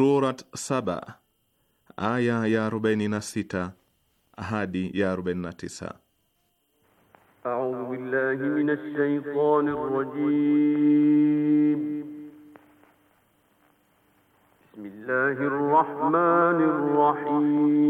Surat saba aya ya arobaini na sita hadi ya arobaini na tisa. A'udhu billahi minash shaitani Bismillahir rahmanir rahim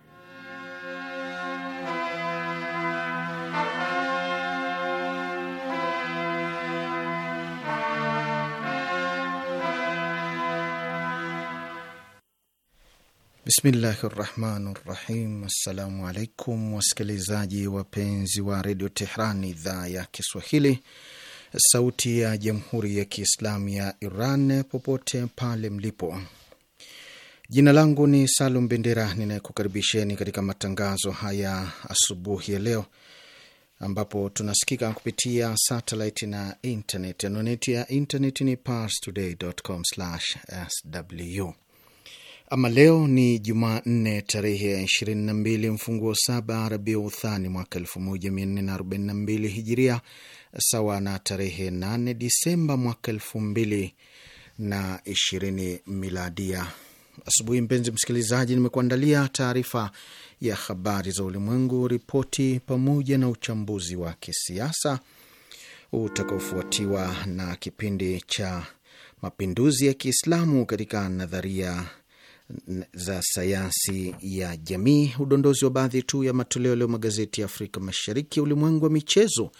Bismillahi rahmani rahim. Assalamu alaikum wasikilizaji wapenzi wa redio Tehran, idhaa ya Kiswahili, sauti ya jamhuri ya kiislamu ya Iran, popote pale mlipo. Jina langu ni Salum Bendera ninayekukaribisheni katika matangazo haya asubuhi ya leo, ambapo tunasikika kupitia satellite na internet. Anwani ya internet ni parstoday.com/sw ama leo ni Jumanne tarehe ya 22 mfunguo saba Rabiu Uthani mwaka 1442 Hijiria, sawa na tarehe 8 Disemba mwaka ishirini Miladia. Asubuhi mpenzi msikilizaji, nimekuandalia taarifa ya habari za ulimwengu, ripoti pamoja na uchambuzi wa kisiasa utakaofuatiwa na kipindi cha mapinduzi ya Kiislamu katika nadharia za sayansi ya jamii, udondozi wa baadhi tu ya matoleo leo magazeti ya Afrika Mashariki, ulimwengu wa michezo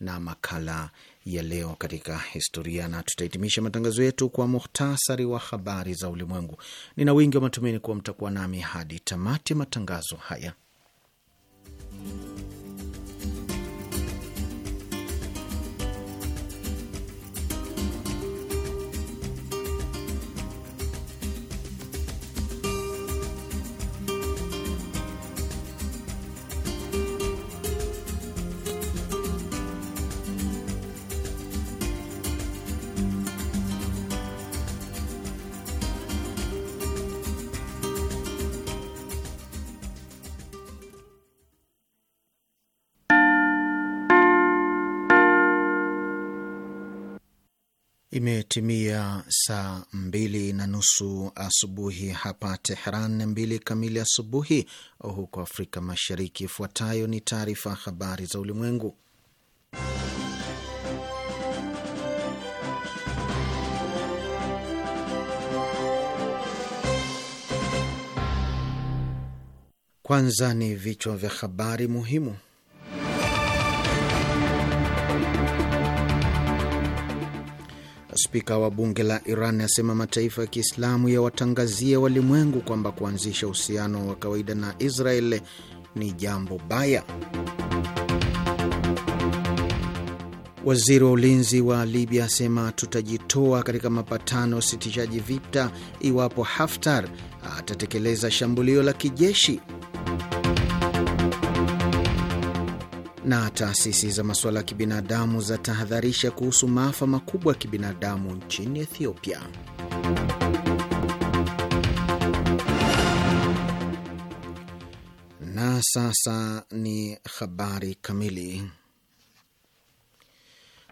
na makala ya leo katika historia, na tutahitimisha matangazo yetu kwa muhtasari wa habari za ulimwengu. Nina wingi wa matumaini kuwa mtakuwa nami hadi tamati matangazo haya. Imetimia saa mbili na nusu asubuhi hapa Teheran, mbili kamili asubuhi huko Afrika Mashariki. Ifuatayo ni taarifa habari za ulimwengu, kwanza ni vichwa vya habari muhimu. Spika wa bunge la Iran asema mataifa ya Kiislamu yawatangazie walimwengu kwamba kuanzisha uhusiano wa kawaida na Israel ni jambo baya. Waziri wa ulinzi wa Libya asema tutajitoa katika mapatano ya usitishaji vita iwapo Haftar atatekeleza shambulio la kijeshi na taasisi za masuala ya kibinadamu zatahadharisha kuhusu maafa makubwa ya kibinadamu nchini Ethiopia. Na sasa ni habari kamili.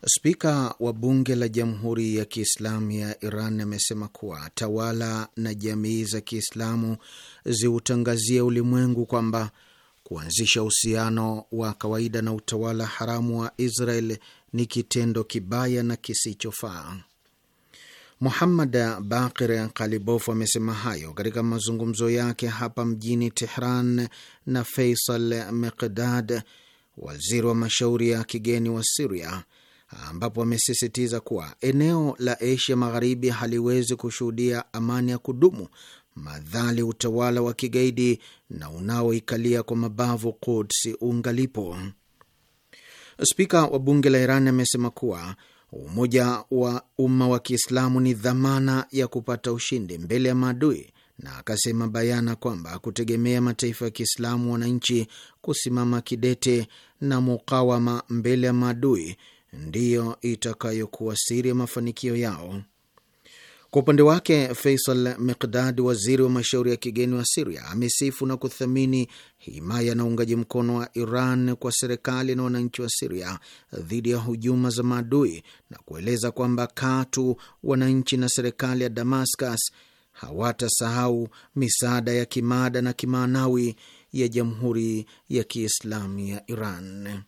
Spika wa bunge la Jamhuri ya Kiislamu ya Iran amesema kuwa tawala na jamii za Kiislamu ziutangazie ulimwengu kwamba Kuanzisha uhusiano wa kawaida na utawala haramu wa Israel ni kitendo kibaya na kisichofaa. Muhammad Bakir Kalibof amesema hayo katika mazungumzo yake hapa mjini Tehran na Faisal Mekdad, waziri wa mashauri ya kigeni wa Siria, ambapo amesisitiza kuwa eneo la Asia Magharibi haliwezi kushuhudia amani ya kudumu madhali utawala wa kigaidi na unaoikalia kwa mabavu Quds ungalipo. Spika wa bunge la Iran amesema kuwa umoja wa umma wa Kiislamu ni dhamana ya kupata ushindi mbele ya maadui, na akasema bayana kwamba kutegemea mataifa ya Kiislamu wananchi kusimama kidete na mukawama mbele ya maadui ndiyo itakayokuwa siri ya mafanikio yao. Kwa upande wake Faisal Miqdad, waziri wa mashauri ya kigeni wa Siria, amesifu na kuthamini himaya na uungaji mkono wa Iran kwa serikali na wananchi wa Siria dhidi ya hujuma za maadui na kueleza kwamba katu wananchi na serikali ya Damascus hawatasahau misaada ya kimaada na kimaanawi ya Jamhuri ya Kiislamu ya Iran.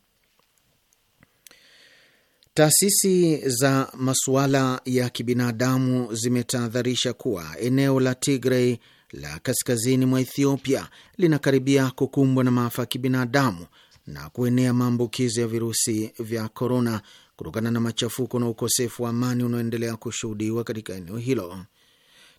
Taasisi za masuala ya kibinadamu zimetahadharisha kuwa eneo la Tigray la kaskazini mwa Ethiopia linakaribia kukumbwa na maafa ya kibinadamu na kuenea maambukizi ya virusi vya korona kutokana na machafuko na ukosefu wa amani unaoendelea kushuhudiwa katika eneo hilo.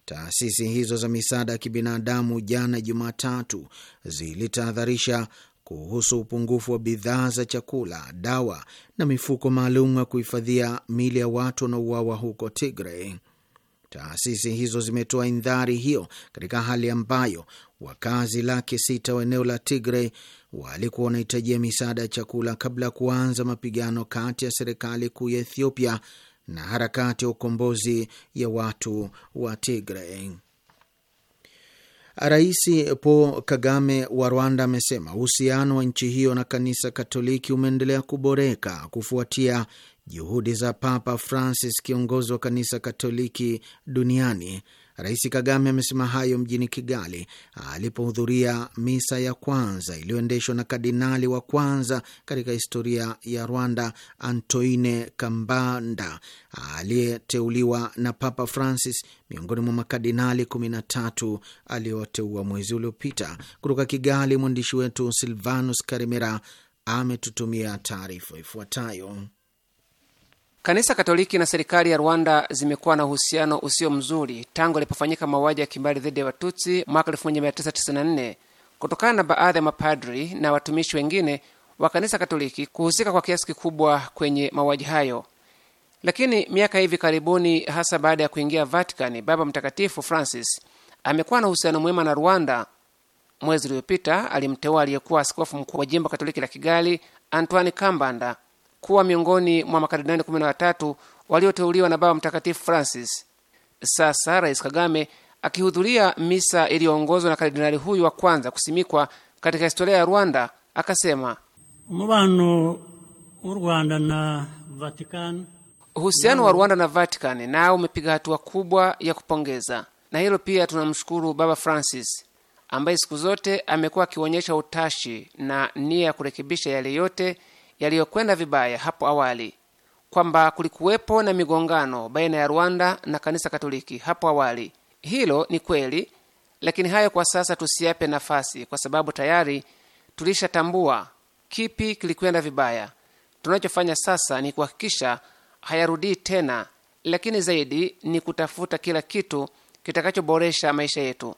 Taasisi hizo za misaada ya kibinadamu jana Jumatatu zilitahadharisha kuhusu upungufu wa bidhaa za chakula, dawa na mifuko maalum ya kuhifadhia miili ya watu wanaouawa huko Tigray. Taasisi hizo zimetoa indhari hiyo katika hali ambayo wakazi laki sita wa eneo la Tigray walikuwa wanahitajia misaada ya chakula kabla ya kuanza mapigano kati ya serikali kuu ya Ethiopia na harakati ya ukombozi ya watu wa Tigray. Rais Paul Kagame wa Rwanda amesema uhusiano wa nchi hiyo na kanisa Katoliki umeendelea kuboreka kufuatia juhudi za Papa Francis, kiongozi wa kanisa Katoliki duniani, Rais Kagame amesema hayo mjini Kigali alipohudhuria misa ya kwanza iliyoendeshwa na kardinali wa kwanza katika historia ya Rwanda, Antoine Kambanda, aliyeteuliwa na Papa Francis miongoni mwa makardinali 13 aliyoteua mwezi uliopita. Kutoka Kigali, mwandishi wetu Silvanus Karimera ametutumia taarifa ifuatayo. Kanisa Katoliki na serikali ya Rwanda zimekuwa na uhusiano usio mzuri tangu alipofanyika mauaji ya kimbali dhidi ya Watutsi mwaka 1994 kutokana na baadhi ya mapadri na watumishi wengine wa kanisa Katoliki kuhusika kwa kiasi kikubwa kwenye mauaji hayo. Lakini miaka hivi karibuni, hasa baada ya kuingia vatican Baba Mtakatifu Francis amekuwa na uhusiano mwema na Rwanda. Mwezi uliopita alimteua aliyekuwa askofu mkuu wa jimbo Katoliki la Kigali, Antoine Kambanda kuwa miongoni mwa makardinali 13 walioteuliwa na Baba Mtakatifu Francis. Sasa Rais Kagame akihudhuria misa iliyoongozwa na kardinali huyu wa kwanza kusimikwa katika historia ya Rwanda akasema umubano wa Rwanda na Vatikani, uhusiano wa Rwanda na Vatikani nao umepiga hatua kubwa ya kupongeza, na hilo pia tunamshukuru Baba Francis ambaye siku zote amekuwa akionyesha utashi na nia ya kurekebisha yale yote yaliyokwenda vibaya hapo awali, kwamba kulikuwepo na migongano baina ya Rwanda na kanisa Katoliki hapo awali. Hilo ni kweli, lakini hayo kwa sasa tusiyape nafasi, kwa sababu tayari tulishatambua kipi kilikwenda vibaya. Tunachofanya sasa ni kuhakikisha hayarudii tena, lakini zaidi ni kutafuta kila kitu kitakachoboresha maisha yetu.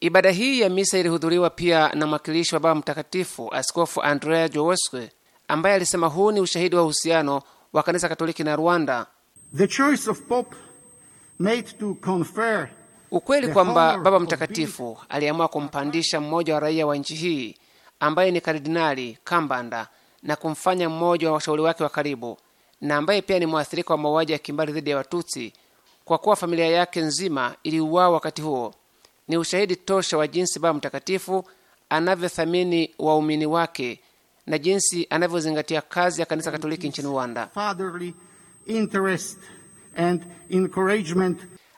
Ibada hii ya misa ilihudhuriwa pia na mwakilishi wa Baba Mtakatifu, Askofu Andrea Jowoske ambaye alisema huu ni ushahidi wa uhusiano wa kanisa Katoliki na Rwanda. The choice of Pope made to confer ukweli kwamba Baba Mtakatifu aliamua kumpandisha mmoja wa raia wa nchi hii ambaye ni Kardinali Kambanda na kumfanya mmoja wa washauri wake wa karibu na ambaye pia ni mwathirika wa mauaji ya kimbali dhidi ya Watutsi kwa kuwa familia yake nzima iliuawa wakati huo, ni ushahidi tosha wa jinsi Baba Mtakatifu anavyothamini waumini wake na jinsi anavyozingatia kazi ya kanisa Katoliki nchini Rwanda.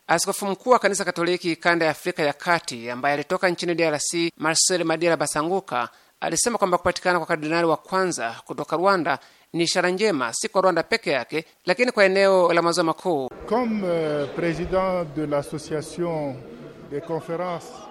Askofu mkuu wa kanisa Katoliki kanda ya Afrika ya Kati ambaye alitoka nchini DRC, Marcel Madira Basanguka, alisema kwamba kupatikana kwa kardinali wa kwanza kutoka Rwanda ni ishara njema, si kwa Rwanda peke yake, lakini kwa eneo la maziwa makuu. Comme, uh, president de l'association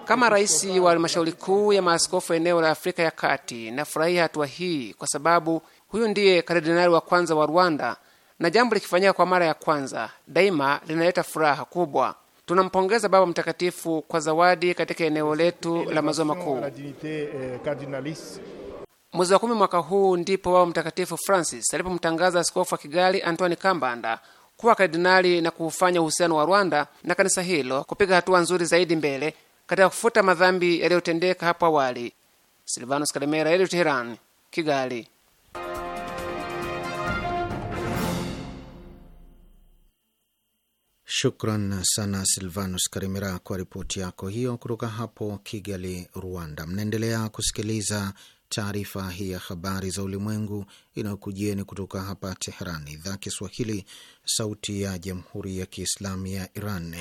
kama rais wa halmashauri kuu ya maaskofu eneo la Afrika ya Kati, nafurahia hatua hii kwa sababu huyu ndiye kardinali wa kwanza wa Rwanda, na jambo likifanyika kwa mara ya kwanza daima linaleta furaha kubwa. Tunampongeza Baba Mtakatifu kwa zawadi katika eneo letu la maziwa makuu. Euh, Mwezi wa kumi mwaka huu ndipo Baba Mtakatifu Francis alipomtangaza askofu wa Kigali Antoine Kambanda kuwa kardinali na kuufanya uhusiano wa Rwanda na kanisa hilo kupiga hatua nzuri zaidi mbele katika kufuta madhambi yaliyotendeka hapo awali. Silvanus Kalemera, Redio Teheran, Kigali. Shukran sana Silvanus Karimera kwa ripoti yako hiyo kutoka hapo Kigali, Rwanda. Mnaendelea kusikiliza taarifa hii ya habari za ulimwengu inayokujieni kutoka hapa teheran idhaa Kiswahili, sauti ya jamhuri ya kiislamu ya Iran.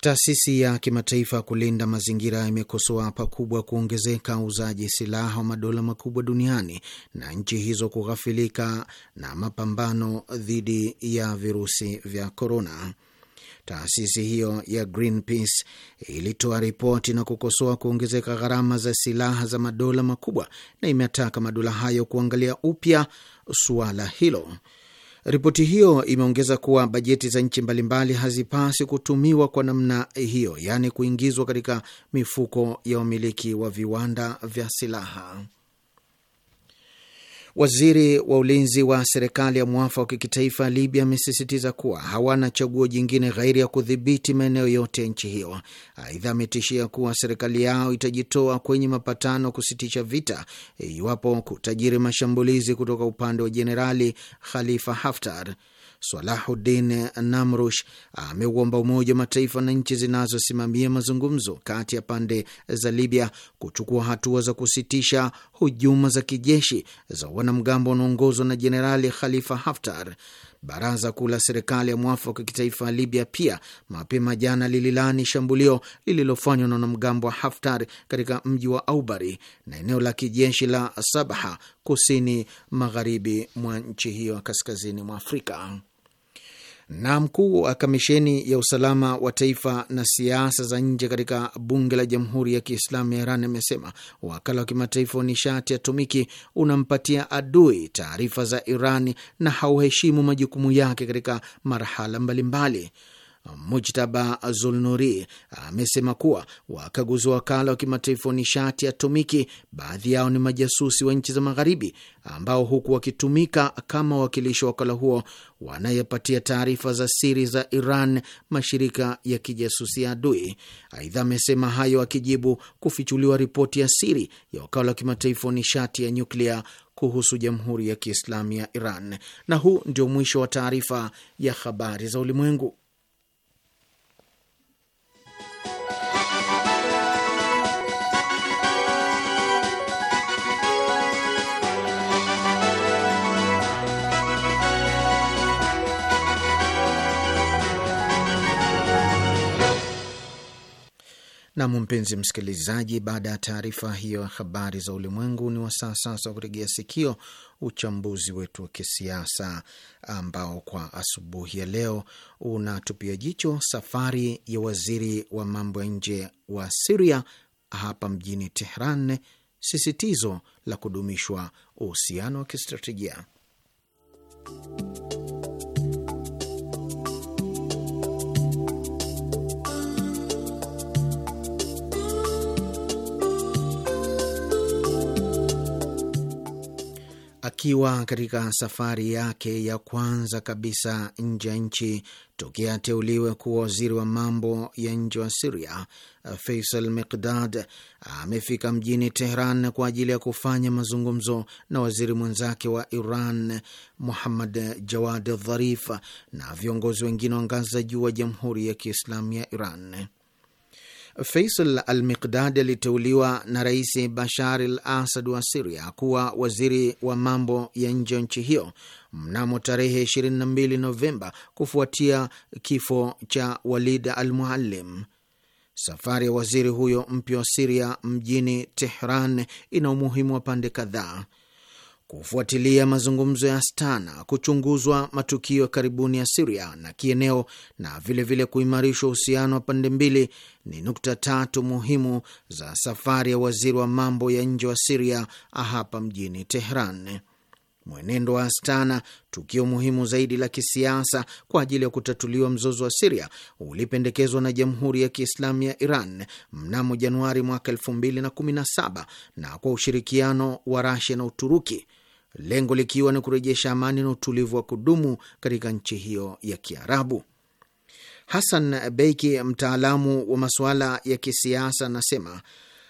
Taasisi ya kimataifa kulinda mazingira imekosoa pakubwa kuongezeka uuzaji silaha wa madola makubwa duniani na nchi hizo kughafilika na mapambano dhidi ya virusi vya korona. Taasisi hiyo ya Greenpeace ilitoa ripoti na kukosoa kuongezeka gharama za silaha za madola makubwa na imetaka madola hayo kuangalia upya suala hilo. Ripoti hiyo imeongeza kuwa bajeti za nchi mbalimbali hazipasi kutumiwa kwa namna hiyo, yaani kuingizwa katika mifuko ya umiliki wa viwanda vya silaha. Waziri wa ulinzi wa serikali ya mwafaka wa kitaifa Libya amesisitiza kuwa hawana chaguo jingine ghairi ya kudhibiti maeneo yote ya nchi hiyo. Aidha, ametishia kuwa serikali yao itajitoa kwenye mapatano kusitisha vita iwapo kutajiri mashambulizi kutoka upande wa Jenerali Khalifa Haftar. Salahuddin Namrush ameuomba Umoja wa Mataifa na nchi zinazosimamia mazungumzo kati ya pande za Libya kuchukua hatua za kusitisha hujuma za kijeshi za wanamgambo wanaongozwa na Jenerali Khalifa Haftar. Baraza Kuu la Serikali ya Mwafaka Kitaifa ya Libya pia mapema jana lililani shambulio lililofanywa na wanamgambo wa Haftar katika mji wa Aubari na eneo la kijeshi la Sabha kusini magharibi mwa nchi hiyo kaskazini mwa Afrika na mkuu wa kamisheni ya usalama wa taifa na siasa za nje katika bunge la jamhuri ya Kiislamu ya Iran amesema wakala wa kimataifa wa nishati atomiki unampatia adui taarifa za Iran na hauheshimu majukumu yake katika marhala mbalimbali mbali. Mujtaba Zulnuri amesema kuwa wakaguzi wa wakala wa kimataifa wa nishati atomiki, baadhi yao ni majasusi wa nchi za Magharibi, ambao huku wakitumika kama wawakilishi wa wakala huo wanayepatia taarifa za siri za Iran mashirika ya kijasusi ya adui. Aidha, amesema hayo akijibu kufichuliwa ripoti ya siri ya wakala wa kimataifa wa nishati ya nyuklia kuhusu Jamhuri ya Kiislamu ya Iran. Na huu ndio mwisho wa taarifa ya habari za ulimwengu. Nam, mpenzi msikilizaji, baada ya taarifa hiyo ya habari za ulimwengu, ni wasaa sasa wa kuregea sikio uchambuzi wetu wa kisiasa ambao kwa asubuhi ya leo unatupia jicho safari ya waziri wa mambo ya nje wa Siria hapa mjini Tehran, sisitizo la kudumishwa uhusiano wa kistratejia Akiwa katika safari yake ya kwanza kabisa nje ya nchi tokea ateuliwe kuwa waziri wa mambo ya nje wa Siria, Faisal Miqdad amefika mjini Tehran kwa ajili ya kufanya mazungumzo na waziri mwenzake wa Iran, Muhammad Jawad Dharif, na viongozi wengine wa ngazi za juu wa Jamhuri ya Kiislamu ya Iran. Faisal al-Miqdad aliteuliwa na Rais Bashar al asad wa siria kuwa waziri wa mambo ya nje ya nchi hiyo mnamo tarehe 22 Novemba kufuatia kifo cha Walid al-Muallim. Safari ya waziri huyo mpya wa Siria mjini Tehran ina umuhimu wa pande kadhaa kufuatilia mazungumzo ya Astana, kuchunguzwa matukio ya karibuni ya Siria na kieneo na vilevile kuimarisha uhusiano wa pande mbili ni nukta tatu muhimu za safari ya waziri wa mambo ya nje wa Siria hapa mjini Tehran. Mwenendo wa Astana, tukio muhimu zaidi la kisiasa kwa ajili ya kutatuliwa mzozo wa Siria, ulipendekezwa na Jamhuri ya Kiislamu ya Iran mnamo Januari mwaka 2017 na kwa ushirikiano wa Rasia na Uturuki lengo likiwa ni kurejesha amani na utulivu wa kudumu katika nchi hiyo ya Kiarabu. Hassan Beiki, mtaalamu wa masuala ya kisiasa, anasema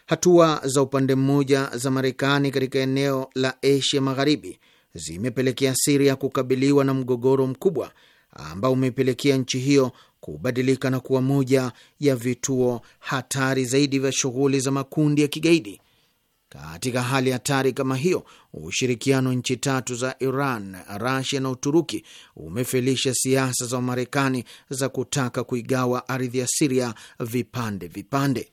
hatua za upande mmoja za Marekani katika eneo la Asia Magharibi zimepelekea Siria kukabiliwa na mgogoro mkubwa ambao umepelekea nchi hiyo kubadilika na kuwa moja ya vituo hatari zaidi vya shughuli za makundi ya kigaidi katika hali hatari kama hiyo, ushirikiano nchi tatu za Iran, Rasia na Uturuki umefelisha siasa za Wamarekani za kutaka kuigawa ardhi ya Siria vipande vipande.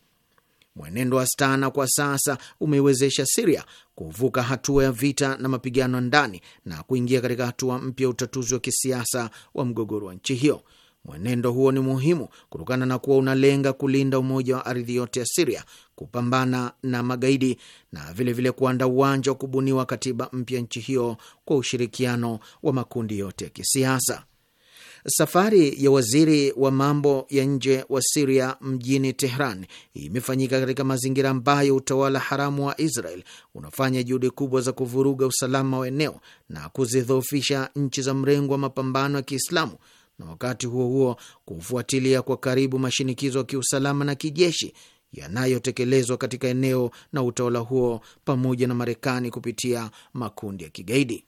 Mwenendo wa Astana kwa sasa umeiwezesha Siria kuvuka hatua ya vita na mapigano ndani na kuingia katika hatua mpya ya utatuzi wa kisiasa wa mgogoro wa nchi hiyo. Mwenendo huo ni muhimu kutokana na kuwa unalenga kulinda umoja wa ardhi yote ya Siria, kupambana na magaidi na vilevile kuandaa uwanja wa kubuniwa katiba mpya nchi hiyo kwa ushirikiano wa makundi yote ya kisiasa. Safari ya waziri wa mambo ya nje wa Siria mjini Tehran imefanyika katika mazingira ambayo utawala haramu wa Israel unafanya juhudi kubwa za kuvuruga usalama wa eneo na kuzidhoofisha nchi za mrengo wa mapambano ya Kiislamu na wakati huo huo kufuatilia kwa karibu mashinikizo ya kiusalama na kijeshi yanayotekelezwa katika eneo na utawala huo pamoja na Marekani kupitia makundi ya kigaidi.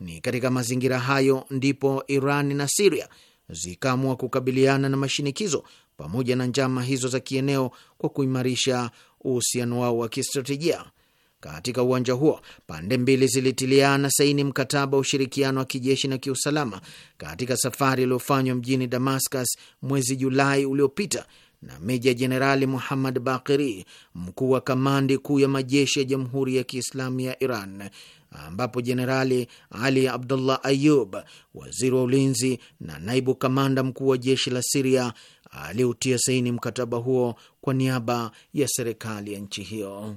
Ni katika mazingira hayo ndipo Iran na Siria zikaamua kukabiliana na mashinikizo pamoja na njama hizo za kieneo kwa kuimarisha uhusiano wao wa kistratejia katika uwanja huo pande mbili zilitiliana saini mkataba wa ushirikiano wa kijeshi na kiusalama katika safari iliyofanywa mjini Damascus mwezi Julai uliopita na Meja Jenerali Muhammad Bakiri, mkuu wa kamandi kuu ya majeshi ya Jamhuri ya Kiislamu ya Iran, ambapo Jenerali Ali Abdullah Ayub, waziri wa ulinzi na naibu kamanda mkuu wa jeshi la Siria, aliutia saini mkataba huo kwa niaba ya serikali ya nchi hiyo.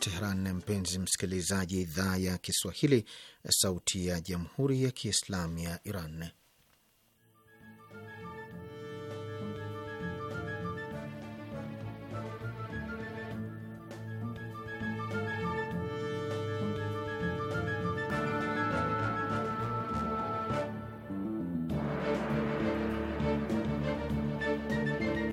Tehran. Mpenzi msikilizaji, idhaa ya Kiswahili, sauti ya jamhuri ya kiislamu ya Iran.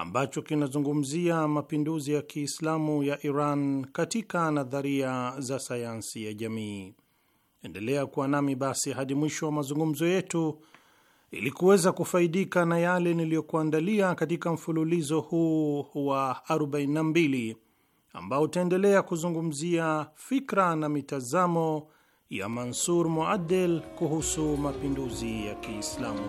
ambacho kinazungumzia mapinduzi ya Kiislamu ya Iran katika nadharia za sayansi ya jamii. Endelea kuwa nami basi hadi mwisho wa mazungumzo yetu ili kuweza kufaidika na yale niliyokuandalia katika mfululizo huu wa 42 ambao utaendelea kuzungumzia fikra na mitazamo ya Mansur Muaddel kuhusu mapinduzi ya Kiislamu.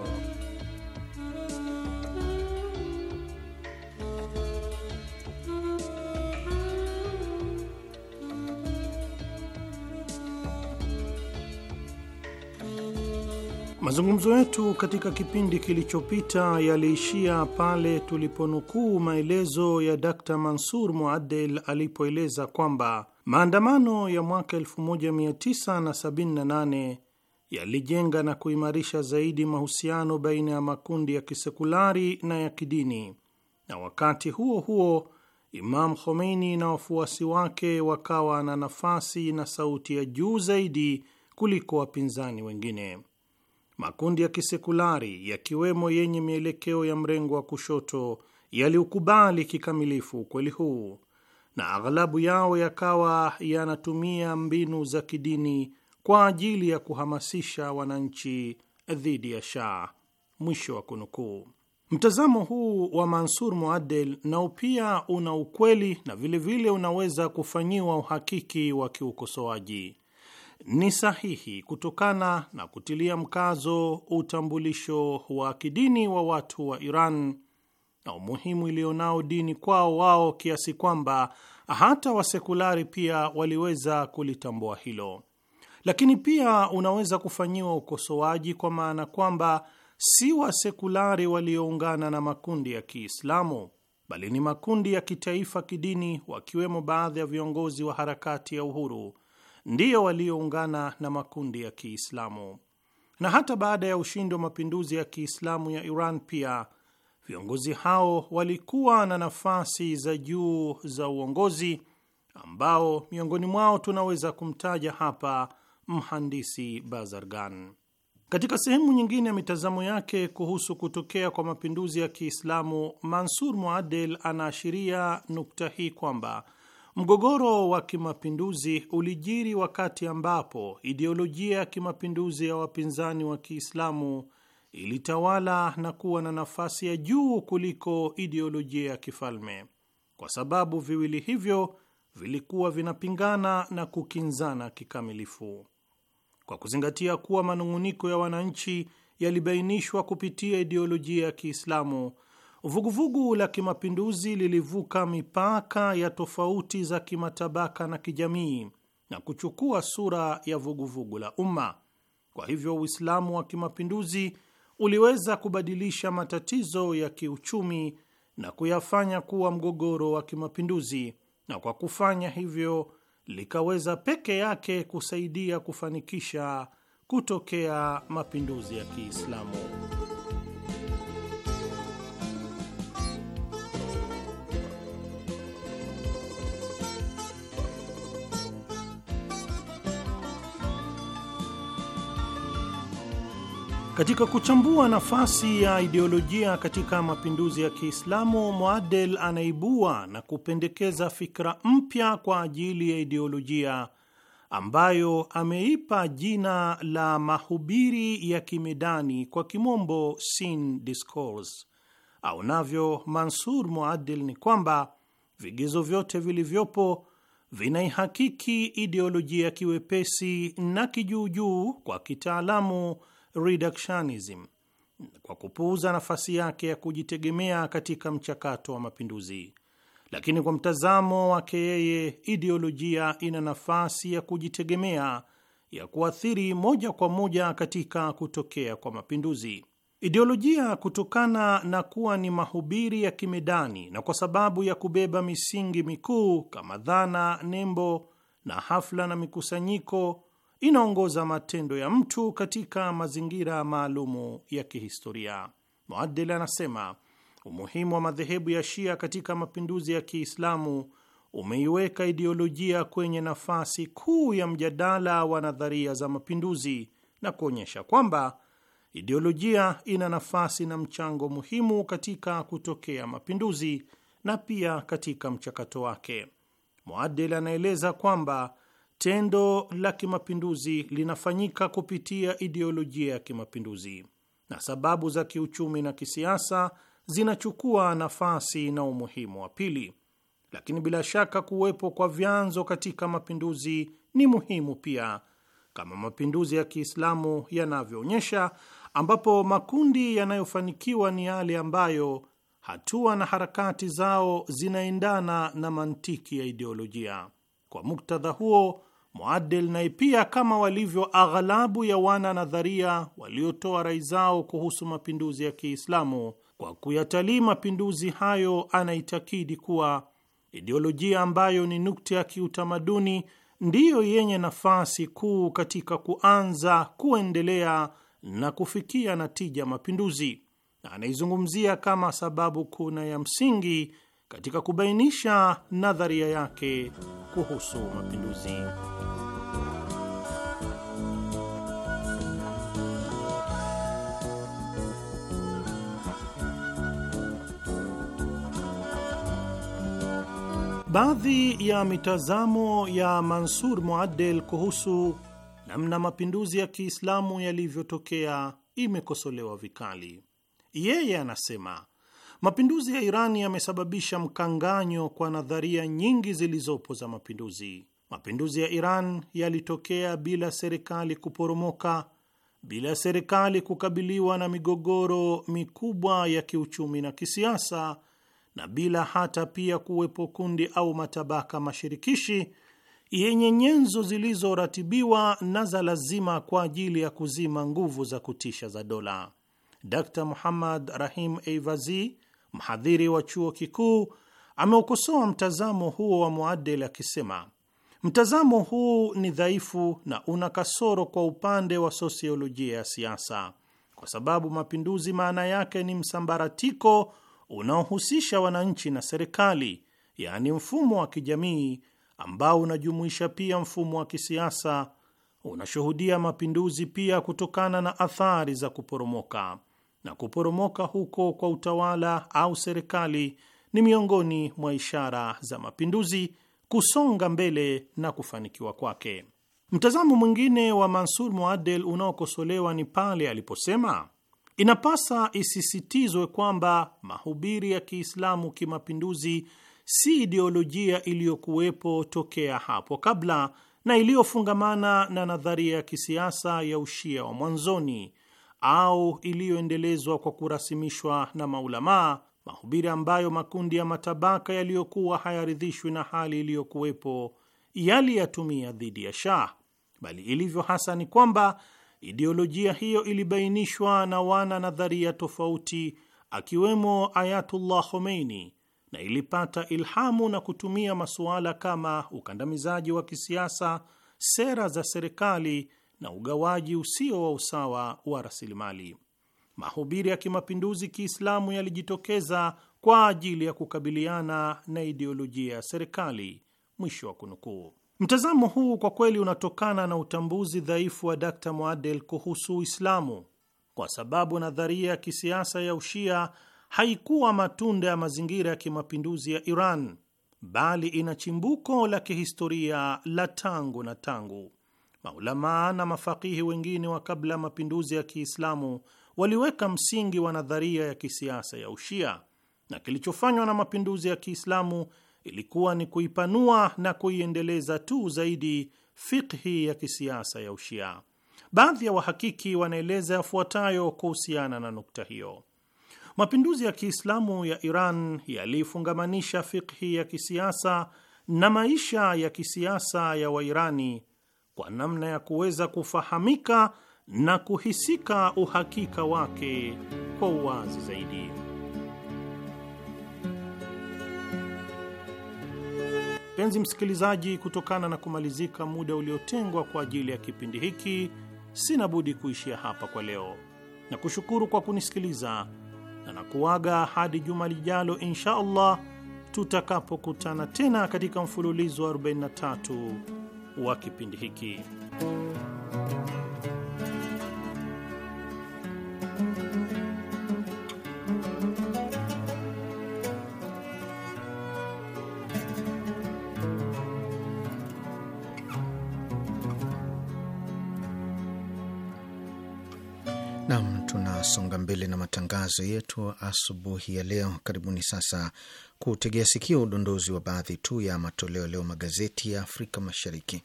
Mazungumzo yetu katika kipindi kilichopita yaliishia pale tuliponukuu maelezo ya d Mansur Muadel alipoeleza kwamba maandamano ya mwaka 1978 yalijenga na kuimarisha zaidi mahusiano baina ya makundi ya kisekulari na ya kidini, na wakati huo huo Imam Khomeini na wafuasi wake wakawa na nafasi na sauti ya juu zaidi kuliko wapinzani wengine makundi ya kisekulari yakiwemo yenye mielekeo ya mrengo wa kushoto yaliukubali kikamilifu ukweli huu na aghalabu yao yakawa yanatumia mbinu za kidini kwa ajili ya kuhamasisha wananchi dhidi ya Shah. Mwisho wa kunukuu. Mtazamo huu wa Mansur Muadel nao pia una ukweli na vilevile vile unaweza kufanyiwa uhakiki wa kiukosoaji ni sahihi kutokana na kutilia mkazo utambulisho wa kidini wa watu wa Iran na umuhimu ilionao dini kwao wao, kiasi kwamba hata wasekulari pia waliweza kulitambua hilo, lakini pia unaweza kufanyiwa ukosoaji kwa maana kwamba si wasekulari walioungana na makundi ya Kiislamu bali ni makundi ya kitaifa kidini, wakiwemo baadhi ya viongozi wa harakati ya uhuru ndiyo walioungana na makundi ya Kiislamu. Na hata baada ya ushindi wa mapinduzi ya Kiislamu ya Iran pia viongozi hao walikuwa na nafasi za juu za uongozi ambao miongoni mwao tunaweza kumtaja hapa mhandisi Bazargan. Katika sehemu nyingine ya mitazamo yake kuhusu kutokea kwa mapinduzi ya Kiislamu, Mansur Muadel anaashiria nukta hii kwamba Mgogoro wa kimapinduzi ulijiri wakati ambapo ideolojia ya kimapinduzi ya wapinzani wa Kiislamu ilitawala na kuwa na nafasi ya juu kuliko ideolojia ya kifalme, kwa sababu viwili hivyo vilikuwa vinapingana na kukinzana kikamilifu. Kwa kuzingatia kuwa manung'uniko ya wananchi yalibainishwa kupitia ideolojia ya Kiislamu, Vuguvugu la kimapinduzi lilivuka mipaka ya tofauti za kimatabaka na kijamii na kuchukua sura ya vuguvugu la umma. Kwa hivyo, Uislamu wa kimapinduzi uliweza kubadilisha matatizo ya kiuchumi na kuyafanya kuwa mgogoro wa kimapinduzi, na kwa kufanya hivyo likaweza peke yake kusaidia kufanikisha kutokea mapinduzi ya Kiislamu. Katika kuchambua nafasi ya ideolojia katika mapinduzi ya Kiislamu, Muadel anaibua na kupendekeza fikra mpya kwa ajili ya ideolojia ambayo ameipa jina la mahubiri ya kimedani, kwa kimombo sin discourse. Au navyo Mansur Muadil ni kwamba vigezo vyote vilivyopo vinaihakiki ideolojia kiwepesi na kijuujuu kwa kitaalamu reductionism kwa kupuuza nafasi yake ya kujitegemea katika mchakato wa mapinduzi. Lakini kwa mtazamo wake yeye, ideolojia ina nafasi ya kujitegemea ya kuathiri moja kwa moja katika kutokea kwa mapinduzi. Ideolojia, kutokana na kuwa ni mahubiri ya kimedani na kwa sababu ya kubeba misingi mikuu kama dhana, nembo na hafla na mikusanyiko inaongoza matendo ya mtu katika mazingira maalumu ya kihistoria. Muadil anasema umuhimu wa madhehebu ya Shia katika mapinduzi ya Kiislamu umeiweka ideolojia kwenye nafasi kuu ya mjadala wa nadharia za mapinduzi na kuonyesha kwamba ideolojia ina nafasi na mchango muhimu katika kutokea mapinduzi na pia katika mchakato wake. Muadil anaeleza kwamba tendo la kimapinduzi linafanyika kupitia ideolojia ya kimapinduzi, na sababu za kiuchumi na kisiasa zinachukua nafasi na umuhimu wa pili. Lakini bila shaka kuwepo kwa vyanzo katika mapinduzi ni muhimu pia, kama mapinduzi ya Kiislamu yanavyoonyesha, ambapo makundi yanayofanikiwa ni yale ambayo hatua na harakati zao zinaendana na mantiki ya ideolojia. Kwa muktadha huo, Muadel naye pia kama walivyo aghalabu ya wana nadharia waliotoa rai zao kuhusu mapinduzi ya Kiislamu, kwa kuyatalii mapinduzi hayo, anaitakidi kuwa ideolojia ambayo ni nukta ya kiutamaduni ndiyo yenye nafasi kuu katika kuanza, kuendelea na kufikia natija mapinduzi, na anaizungumzia kama sababu kuna ya msingi katika kubainisha nadharia yake kuhusu mapinduzi. Baadhi ya mitazamo ya Mansur Muaddel kuhusu namna mapinduzi ya Kiislamu yalivyotokea imekosolewa vikali. Yeye anasema Mapinduzi ya Irani yamesababisha mkanganyo kwa nadharia nyingi zilizopo za mapinduzi. Mapinduzi ya Iran yalitokea bila serikali kuporomoka, bila serikali kukabiliwa na migogoro mikubwa ya kiuchumi na kisiasa, na bila hata pia kuwepo kundi au matabaka mashirikishi yenye nyenzo zilizoratibiwa na za lazima kwa ajili ya kuzima nguvu za kutisha za dola. Dr Muhammad Rahim Eivazi mhadhiri wa chuo kikuu, ameukosoa mtazamo huo wa Muadel akisema mtazamo huu ni dhaifu na una kasoro kwa upande wa sosiolojia ya siasa, kwa sababu mapinduzi maana yake ni msambaratiko unaohusisha wananchi na serikali, yaani mfumo wa kijamii ambao unajumuisha pia mfumo wa kisiasa unashuhudia mapinduzi pia kutokana na athari za kuporomoka na kuporomoka huko kwa utawala au serikali ni miongoni mwa ishara za mapinduzi kusonga mbele na kufanikiwa kwake. Mtazamo mwingine wa Mansur Muadel unaokosolewa ni pale aliposema inapasa isisitizwe kwamba mahubiri ya Kiislamu kimapinduzi si ideolojia iliyokuwepo tokea hapo kabla na iliyofungamana na nadharia ya kisiasa ya ushia wa mwanzoni au iliyoendelezwa kwa kurasimishwa na maulamaa, mahubiri ambayo makundi ya matabaka yaliyokuwa hayaridhishwi na hali iliyokuwepo yaliyatumia dhidi ya Shah. Bali ilivyo hasa ni kwamba ideolojia hiyo ilibainishwa na wana nadharia tofauti, akiwemo Ayatullah Khomeini, na ilipata ilhamu na kutumia masuala kama ukandamizaji wa kisiasa, sera za serikali na ugawaji usio wa usawa wa rasilimali. Mahubiri ya kimapinduzi Kiislamu yalijitokeza kwa ajili ya kukabiliana na ideolojia ya serikali. Mwisho wa kunukuu. Mtazamo huu kwa kweli unatokana na utambuzi dhaifu wa Dr Moadel kuhusu Uislamu, kwa sababu nadharia ya kisiasa ya Ushia haikuwa matunda ya mazingira ya kimapinduzi ya Iran, bali ina chimbuko la kihistoria la tangu na tangu. Maulamaa na mafakihi wengine wa kabla ya mapinduzi ya Kiislamu waliweka msingi wa nadharia ya kisiasa ya Ushia, na kilichofanywa na mapinduzi ya Kiislamu ilikuwa ni kuipanua na kuiendeleza tu zaidi fikhi ya kisiasa ya Ushia. Baadhi ya wahakiki wanaeleza yafuatayo kuhusiana na nukta hiyo: mapinduzi ya Kiislamu ya Iran yaliifungamanisha fikhi ya kisiasa na maisha ya kisiasa ya Wairani kwa namna ya kuweza kufahamika na kuhisika uhakika wake kwa uwazi zaidi. Mpenzi msikilizaji, kutokana na kumalizika muda uliotengwa kwa ajili ya kipindi hiki, sina budi kuishia hapa kwa leo. na kushukuru kwa kunisikiliza na nakuaga hadi juma lijalo, insha Allah tutakapokutana tena katika mfululizo wa 43 wa kipindi hiki. Songa tunasonga mbele na matangazo yetu asubuhi ya leo. Karibuni sasa kutegea sikio udondozi wa baadhi tu ya matoleo leo magazeti ya Afrika Mashariki.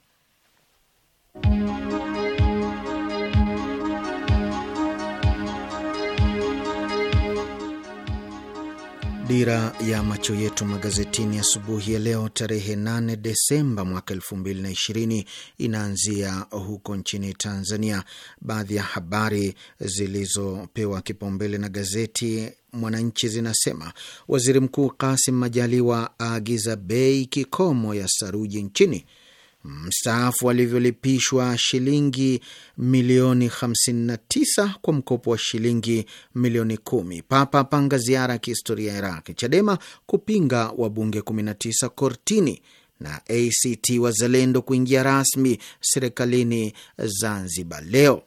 Dira ya macho yetu magazetini asubuhi ya, ya leo tarehe 8 Desemba mwaka ishirini inaanzia huko nchini Tanzania. Baadhi ya habari zilizopewa kipaumbele na gazeti Mwananchi zinasema waziri mkuu Kasim Majaliwa aagiza bei kikomo ya saruji nchini mstaafu alivyolipishwa shilingi milioni 59 kwa mkopo wa shilingi milioni kumi. Papa panga ziara ya kihistoria ya iraq Chadema kupinga wabunge 19 kortini na ACT Wazalendo kuingia rasmi serikalini Zanzibar leo.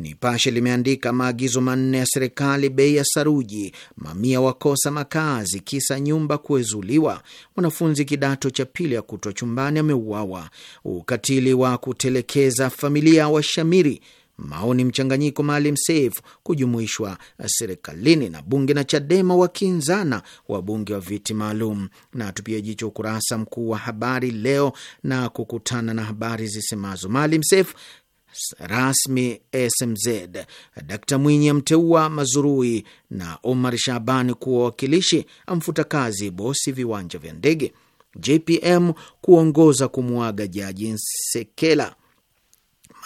Nipashe limeandika maagizo manne ya serikali, bei ya saruji, mamia wakosa makazi, kisa nyumba kuezuliwa, mwanafunzi kidato cha pili akutwa chumbani ameuawa, ukatili wa kutelekeza familia wa shamiri maoni mchanganyiko, Maalim Seif kujumuishwa serikalini na bunge na Chadema wakinzana wabunge wa viti maalum. Na tupia jicho ukurasa mkuu wa habari leo na kukutana na habari zisemazo Maalim Seif rasmi SMZ, Dkt Mwinyi amteua Mazurui na Omar Shabani kuwa wawakilishi, amfuta kazi bosi viwanja vya ndege. JPM kuongoza kumwaga Jaji Nsekela.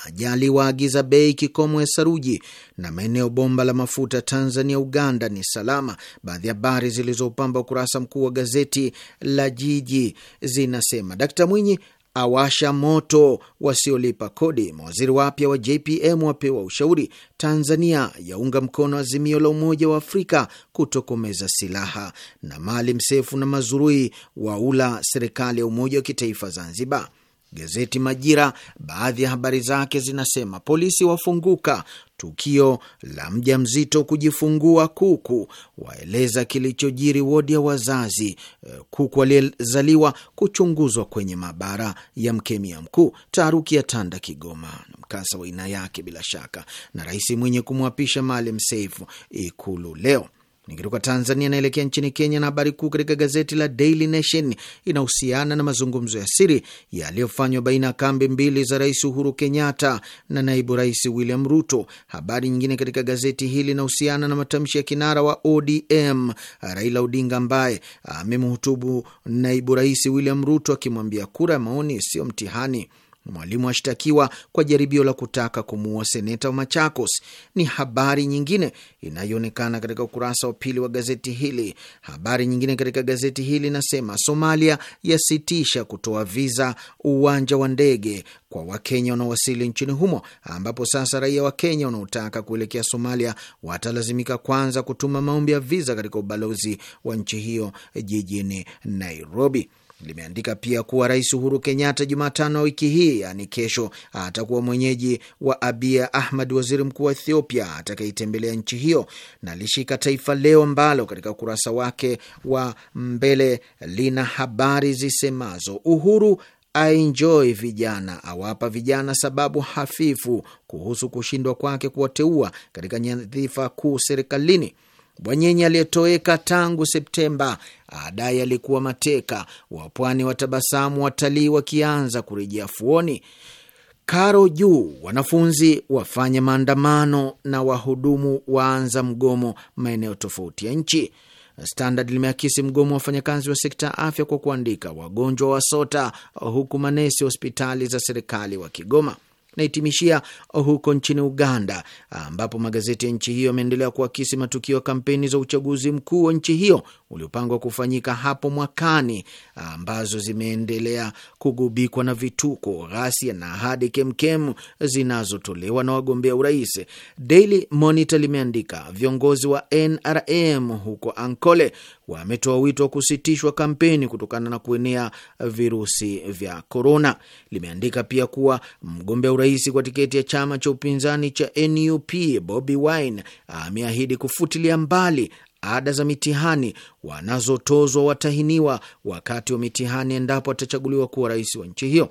Majali waagiza bei kikomo ya saruji na maeneo bomba la mafuta Tanzania Uganda ni salama. Baadhi ya habari zilizopamba ukurasa mkuu wa gazeti la Jiji zinasema Dkt Mwinyi awasha moto wasiolipa kodi. Mawaziri wapya wa JPM wapewa ushauri. Tanzania yaunga mkono azimio la Umoja wa Afrika kutokomeza silaha. Na Maalim Seif na Mazurui waula serikali ya umoja wa kitaifa Zanzibar. Gazeti Majira, baadhi ya habari zake zinasema: polisi wafunguka tukio la mja mzito kujifungua kuku, waeleza kilichojiri wodi ya wazazi, eh, kuku aliyezaliwa kuchunguzwa kwenye maabara ya mkemia mkuu, taharuki ya tanda Kigoma, mkasa wa aina yake bila shaka, na rais mwenye kumwapisha Maalim Seif Ikulu leo Nikitoka Tanzania naelekea nchini Kenya, na habari kuu katika gazeti la Daily Nation inahusiana na mazungumzo ya siri yaliyofanywa baina ya kambi mbili za Rais Uhuru Kenyatta na naibu rais William Ruto. Habari nyingine katika gazeti hili inahusiana na matamshi ya kinara wa ODM Raila Odinga ambaye amemhutubu naibu rais William Ruto akimwambia kura ya maoni siyo mtihani. Mwalimu ashtakiwa kwa jaribio la kutaka kumuua seneta wa Machakos ni habari nyingine inayoonekana katika ukurasa wa pili wa gazeti hili. Habari nyingine katika gazeti hili inasema Somalia yasitisha kutoa viza uwanja wa ndege kwa Wakenya wanaowasili nchini humo, ambapo sasa raia wa Kenya wanaotaka kuelekea Somalia watalazimika kwanza kutuma maombi ya viza katika ubalozi wa nchi hiyo jijini Nairobi limeandika pia kuwa Rais Uhuru Kenyatta Jumatano wiki hii, yaani kesho, atakuwa mwenyeji wa Abia Ahmad, waziri mkuu wa Ethiopia atakaitembelea nchi hiyo, na lishika Taifa Leo ambalo katika ukurasa wake wa mbele lina habari zisemazo Uhuru ainjoi vijana, awapa vijana sababu hafifu kuhusu kushindwa kwake kuwateua katika nyadhifa kuu serikalini. Bwanyenye aliyetoweka tangu Septemba adai alikuwa mateka wapwani watabasamu wa tabasamu, watalii wakianza kurejea fuoni. Karo juu, wanafunzi wafanye maandamano na wahudumu waanza mgomo maeneo tofauti ya nchi. Standard limeakisi mgomo wa wafanyakazi wa sekta ya afya kwa kuandika wagonjwa wa sota, huku manesi hospitali za serikali wakigoma. Nahitimishia huko nchini Uganda, ambapo magazeti ya nchi hiyo yameendelea kuakisi matukio ya kampeni za uchaguzi mkuu wa nchi hiyo uliopangwa kufanyika hapo mwakani, ambazo zimeendelea kugubikwa na vituko, ghasia na ahadi kemkem zinazotolewa na wagombea urais. Daily Monitor limeandika viongozi wa NRM huko Ankole wametoa wito wa kusitishwa kampeni kutokana na kuenea virusi vya korona. Limeandika pia kuwa mgombea urais kwa tiketi ya chama cha upinzani cha NUP Bobi Wine ameahidi kufutilia mbali ada za mitihani wanazotozwa watahiniwa wakati wa mitihani endapo atachaguliwa kuwa rais wa nchi hiyo.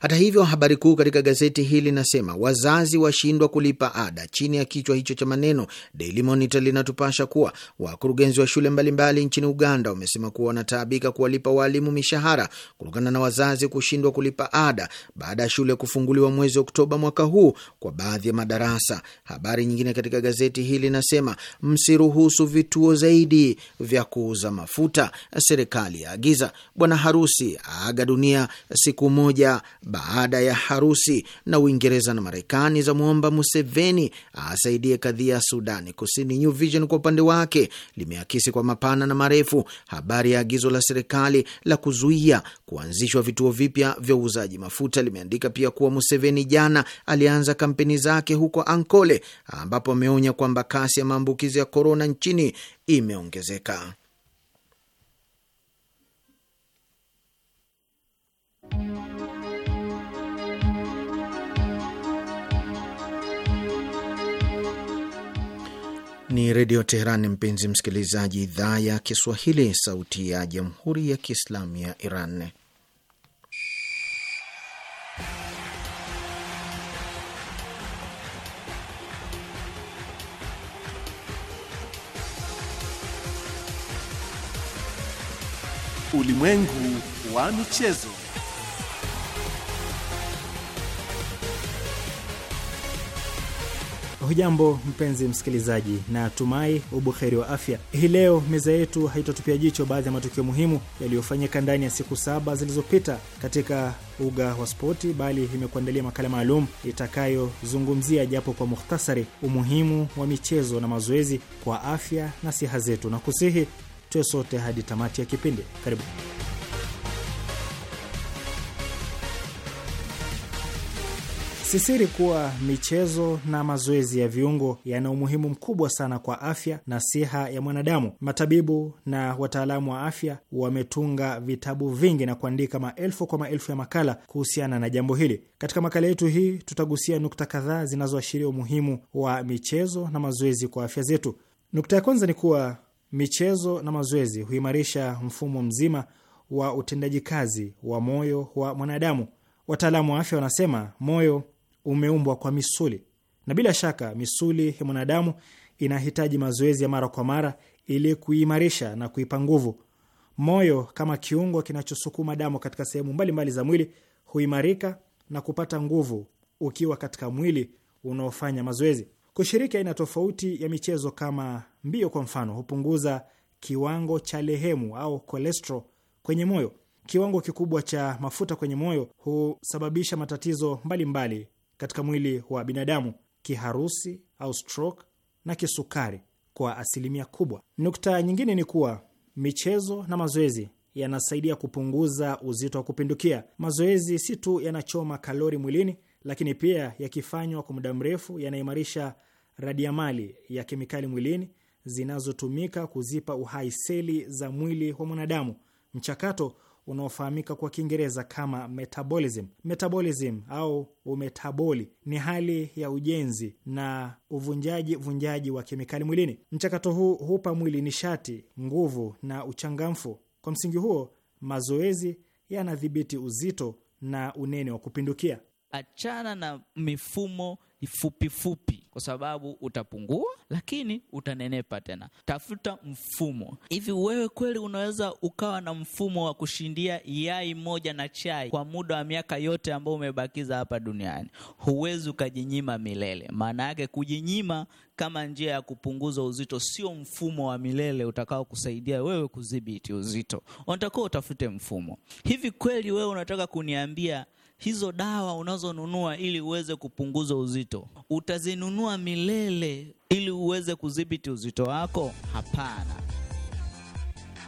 Hata hivyo, habari kuu katika gazeti hili linasema wazazi washindwa kulipa ada. Chini ya kichwa hicho cha maneno, Daily Monitor linatupasha kuwa wakurugenzi wa shule mbalimbali nchini Uganda wamesema kuwa wanataabika kuwalipa waalimu mishahara kutokana na wazazi kushindwa kulipa ada baada ya shule kufunguliwa mwezi Oktoba mwaka huu kwa baadhi ya madarasa. Habari nyingine katika gazeti hili linasema msiruhusu vituo zaidi vya kuuza mafuta, serikali yaagiza. Bwana harusi aaga dunia siku moja baada ya harusi, na Uingereza na Marekani za mwomba Museveni asaidie kadhia Sudani Kusini. New Vision kwa upande wake limeakisi kwa mapana na marefu habari ya agizo la serikali la kuzuia kuanzishwa vituo vipya vya uuzaji mafuta. Limeandika pia kuwa Museveni jana alianza kampeni zake huko Ankole, ambapo ameonya kwamba kasi ya maambukizi ya korona nchini imeongezeka. Ni Redio Teheran, mpenzi msikilizaji, idhaa ya Kiswahili, sauti ya jamhuri ya kiislamu ya Iran. Ulimwengu wa michezo. Hujambo mpenzi msikilizaji, na tumai ubuheri wa afya. Hii leo meza yetu haitatupia jicho baadhi ya matukio muhimu yaliyofanyika ndani ya siku saba zilizopita katika uga wa spoti, bali imekuandalia makala maalum itakayozungumzia japo kwa mukhtasari umuhimu wa michezo na mazoezi kwa afya na siha zetu, na kusihi tuwe sote hadi tamati ya kipindi. Karibu. sisiri kuwa michezo na mazoezi ya viungo yana umuhimu mkubwa sana kwa afya na siha ya mwanadamu. Matabibu na wataalamu wa afya wametunga vitabu vingi na kuandika maelfu kwa maelfu ya makala kuhusiana na jambo hili. Katika makala yetu hii, tutagusia nukta kadhaa zinazoashiria umuhimu wa michezo na mazoezi kwa afya zetu. Nukta ya kwanza ni kuwa michezo na mazoezi huimarisha mfumo mzima wa utendaji kazi wa moyo wa mwanadamu. Wataalamu wa afya wanasema moyo umeumbwa kwa misuli, na bila shaka misuli ya mwanadamu inahitaji mazoezi ya mara kwa mara ili kuimarisha na kuipa nguvu. Moyo kama kiungo kinachosukuma damu katika sehemu mbalimbali za mwili huimarika na kupata nguvu ukiwa katika mwili unaofanya mazoezi. Kushiriki aina tofauti ya michezo kama mbio, kwa mfano, hupunguza kiwango cha lehemu au kolestro kwenye moyo. Kiwango kikubwa cha mafuta kwenye moyo husababisha matatizo mbalimbali mbali katika mwili wa binadamu, kiharusi au stroke na kisukari kwa asilimia kubwa. Nukta nyingine ni kuwa michezo na mazoezi yanasaidia kupunguza uzito wa kupindukia. Mazoezi si tu yanachoma kalori mwilini, lakini pia yakifanywa kwa muda mrefu yanaimarisha radiamali ya kemikali mwilini zinazotumika kuzipa uhai seli za mwili wa mwanadamu, mchakato unaofahamika kwa Kiingereza kama metabolism. Metabolism au umetaboli ni hali ya ujenzi na uvunjaji vunjaji wa kemikali mwilini. Mchakato huu hupa mwili nishati, nguvu na uchangamfu. Kwa msingi huo, mazoezi yanadhibiti uzito na unene wa kupindukia. Achana na mifumo fupifupi kwa sababu utapungua, lakini utanenepa tena. Tafuta mfumo. Hivi wewe kweli unaweza ukawa na mfumo wa kushindia yai moja na chai kwa muda wa miaka yote ambayo umebakiza hapa duniani? Huwezi ukajinyima milele. Maana yake kujinyima kama njia ya kupunguza uzito sio mfumo wa milele utakao kusaidia wewe kudhibiti uzito. Unatakiwa utafute mfumo. Hivi kweli wewe unataka kuniambia hizo dawa unazonunua ili uweze kupunguza uzito utazinunua milele ili uweze kudhibiti uzito wako? Hapana.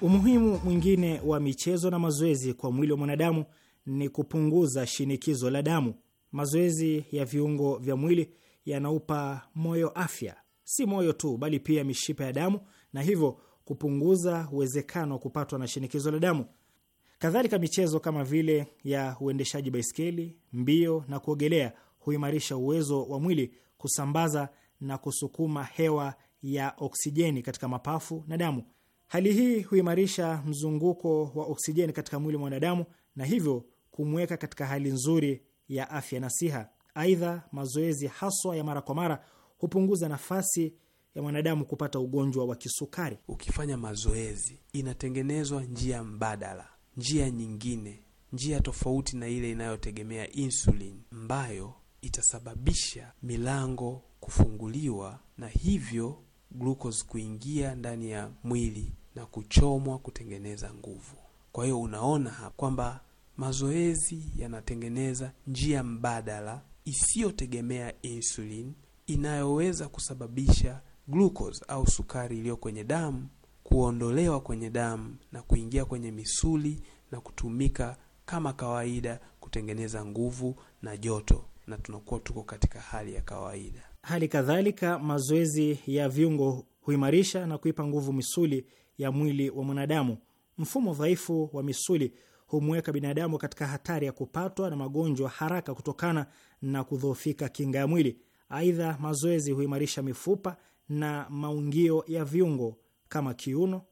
Umuhimu mwingine wa michezo na mazoezi kwa mwili wa mwanadamu ni kupunguza shinikizo la damu. Mazoezi ya viungo vya mwili yanaupa moyo afya, si moyo tu, bali pia mishipa ya damu, na hivyo kupunguza uwezekano wa kupatwa na shinikizo la damu. Kadhalika, michezo kama vile ya uendeshaji baiskeli, mbio na kuogelea huimarisha uwezo wa mwili kusambaza na kusukuma hewa ya oksijeni katika mapafu na damu. Hali hii huimarisha mzunguko wa oksijeni katika mwili wa mwanadamu na hivyo kumweka katika hali nzuri ya afya na siha. Aidha, mazoezi haswa ya mara kwa mara hupunguza nafasi ya mwanadamu kupata ugonjwa wa kisukari. Ukifanya mazoezi, inatengenezwa njia mbadala njia nyingine, njia tofauti na ile inayotegemea insulin ambayo itasababisha milango kufunguliwa na hivyo glucose kuingia ndani ya mwili na kuchomwa kutengeneza nguvu. Kwa hiyo unaona hapa kwamba mazoezi yanatengeneza njia mbadala isiyotegemea insulin inayoweza kusababisha glucose au sukari iliyo kwenye damu huondolewa kwenye damu na kuingia kwenye misuli na kutumika kama kawaida kutengeneza nguvu na joto, na tunakuwa tuko katika hali ya kawaida. Hali kadhalika, mazoezi ya viungo huimarisha na kuipa nguvu misuli ya mwili wa mwanadamu. Mfumo dhaifu wa misuli humweka binadamu katika hatari ya kupatwa na magonjwa haraka kutokana na kudhoofika kinga ya mwili. Aidha, mazoezi huimarisha mifupa na maungio ya viungo kama kiuno,